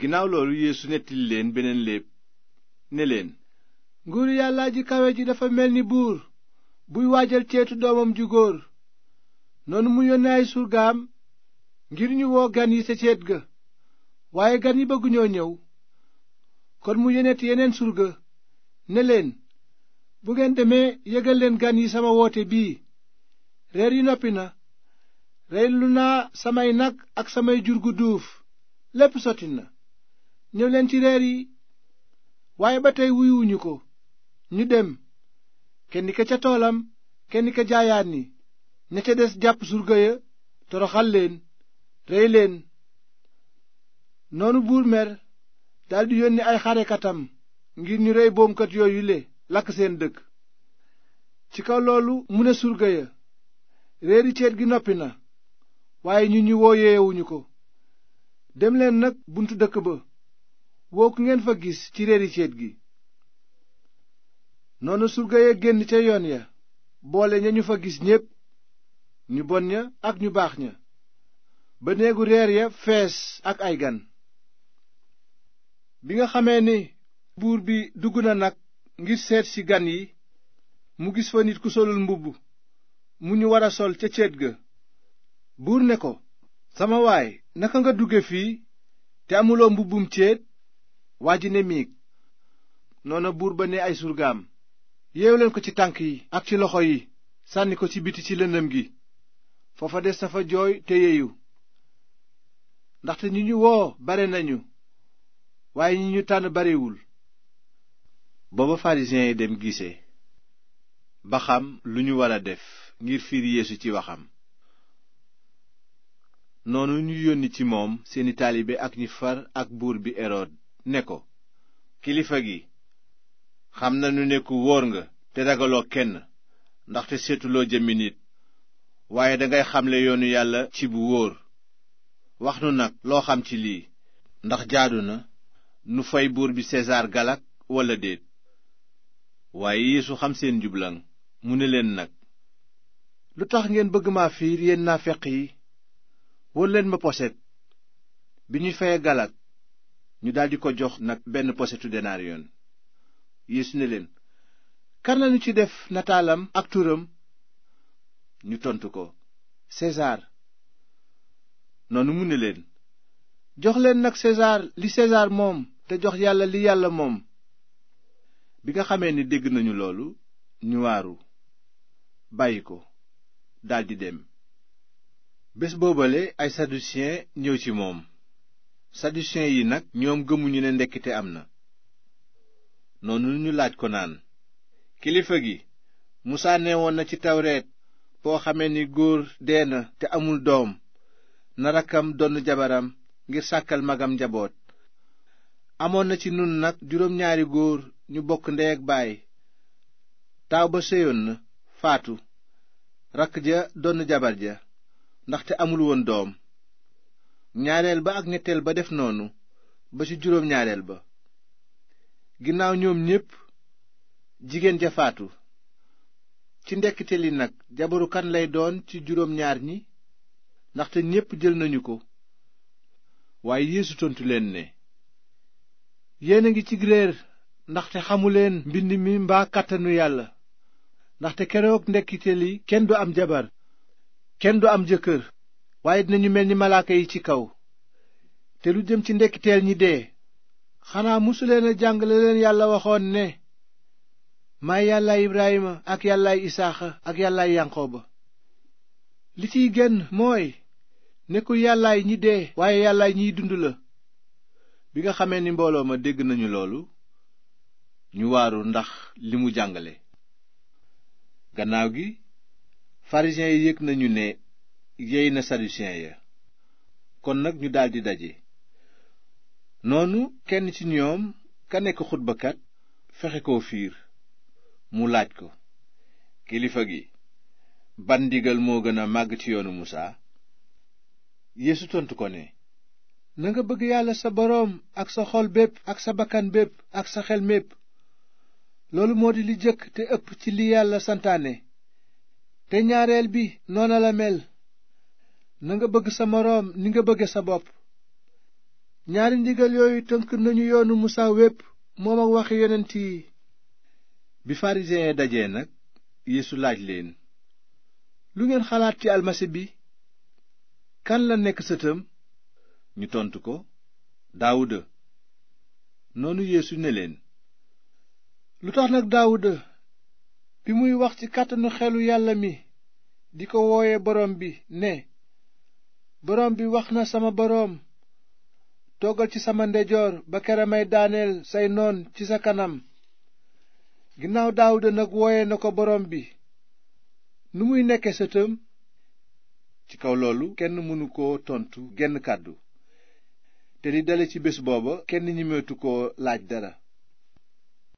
ginnaaw loolu yeesu nettali leen beneen léeb ne leen nguuru yàllaa ji kawe ji dafa mel ni buur buy waajal ceetu doomam ju góor noonu mu yónnee ay surgaam ngir ñu woo gan yi ca ceet ga waaye gan yi bëgguñoo ñëw kon mu yónneti yeneen surga ne leen bu ngeen demee yëgal leen gan yi sama woote bii reer yi noppi na lu naa samay nag ak samay jur gu duuf lépp sotti na ñëw leen ci reer yi waaye ba tey wuyuwuñu ko ñu dem kenn ka ca toolam kenn ka jaayaan ni ña ca des jàpp surga ya toroxal leen rey leen noonu buur mer daldi yónni ay xarekatam ngir ñu rey boomkat yooyu le lakk seen dëkk ci kaw loolu mu ne surga ya ceet gi noppi na waaye ñu ñu wooyeewuñu ko demleen nag buntu dëkk ba woo ngeen fa gis ci réericéet gi noonu surga ya génn ca yoon ya boole ña ñu fa gis ñépp ñu bon ña ak ñu baax ña ba néegu reer ya fees ak ay gan bi nga xamee ni buur bi dugg na nag ngir seet ci gan yi mu gis fa nit ku solul mbubb mu ñu war a sol ca céet ga buur ne ko sama waay naka nga dugge fii te amuloo mbubbum céet waa ji ne miig noona buur ba ne ay surgaam yeew ko ci tànk yi ak ci loxo yi sànni ko ci biti ci lëndëm gi foofa des dafa jooy te yeeyu ndaxte ñi ñu woo bare nañu waaye ñu ñu tànn barewul booba farisiyen yi dem gise ba xam lu ñu war a def ngir fiir yeesu ci waxam noonu ñu yónni ci moom seeni taalibe ak ñi far ak buur bi erod ne ko kilifa gi xam nañu ne ku wóor nga te ragaloo kenn ndaxte seetuloo jëmmi nit waaye dangay xamle yoonu yàlla ci bu wóor wax nu nag loo xam ci lii ndax jaadu na nu fay buur bi sesaar galak walla déet waaye yeesu xam seen jublaŋ mu ne leen nag lu tax ngeen bëgg maa fiir naa feq yi wóor ma poset bi ñuy feye galak ñu daldi ko jox nag benn posetu denaaryoon yéesu ne leen kan lañu ci def nataalam ak turam ñu tontu ko sesaar noonu mu ne leen jox leen nag sesaar li sesaar moom te jox yàlla li yàlla moom bi nga xamee ni dégg nañu loolu ñu waaru bàyyi ko daldi dem bés boobale ay sadduseen ñëw ci moom sadusiyen yi nag ñoom gëmuñu ne ndekkite am na noonu ñu laaj ko naan kilifa gi musaa nee woon na ci tawreet boo xamee ni góor dee na te amul doom na rakkam donn jabaram ngir sàkkal magam njaboot amoon na ci nun nag juróom ñaari góor ñu bokk ndey ak baay taaw ba séyoon na faatu rakk ja donn jabar ja ndaxte amul woon doom ñaareel ba ak ñetteel ba def noonu ba ci juróom ñaareel ba ginnaaw ñoom ñépp jigéen jafaatu ci ndekkite li nag jabaru kan lay doon ci juróom ñaar ñi ndaxte ñépp jël nañu ko waaye Yeesu tontu leen ne yéen a ngi ci réer ndaxte xamuleen mbind mi mbaa kàttanu yàlla ndaxte keroog ndekkite li kenn du am jabar kenn du am jëkkër waaye dinañu mel ni malaaka yi ci kaw te lu jëm ci ndekkiteel ñi dee xanaa musuleen a jàng la leen yàlla waxoon ne maay yàllaay Ibrahima ak yàllaay Isaaxa ak yàllaay Yanqooba li ciy génn mooy nekkul yàllaay ñi dee waaye yàllaay ñiy dund la bi nga xamee ni mbooloo ma dégg nañu loolu ñu waaru ndax li mu jàngale gannaaw gi pharisiens yi yëg nañu ne yey na sadusiyen ya kon nag ñu daldi daje noonu kenn ci ñoom ka nekk xutbakat fexe koo fiir mu laaj ko kilifa gi ban ndigal moo gën a màgg ci yoonu musaa yeesu tontu ko ne nanga bëgg yàlla sa boroom ak sa xol bépp ak sa bakkan bépp ak sa xel mépp loolu moo di li jëkk te ëpp ci li yàlla santaane te ñaareel bi noona la mel nanga bëgg sa moroom ni nga bëgge sa bopp ñaari ndigal yooyu tënk nañu yoonu musaa wépp moom ak waxi yonent yi bi farisiyen yi dajee nag yéesu laaj leen lu ngeen xalaat ci almasi bi kan la nekk sëtam ñu tontu ko daawuda noonu yeesu ne leen lu tax nag daawuda bi muy wax ci kàttanu xelu yàlla mi di ko wooye borom bi ne borom bi wax na sama boroom toogal ci sama ndejoor ba kere may daaneel say noon ci sa kanam ginnaaw daawuda nag wooye na ko borom bi nu muy nekke sëtam ci kaw loolu kenn mënu ko tontu genn kàddu te li dale ci bés booba kenn ñimeetu ko laaj dara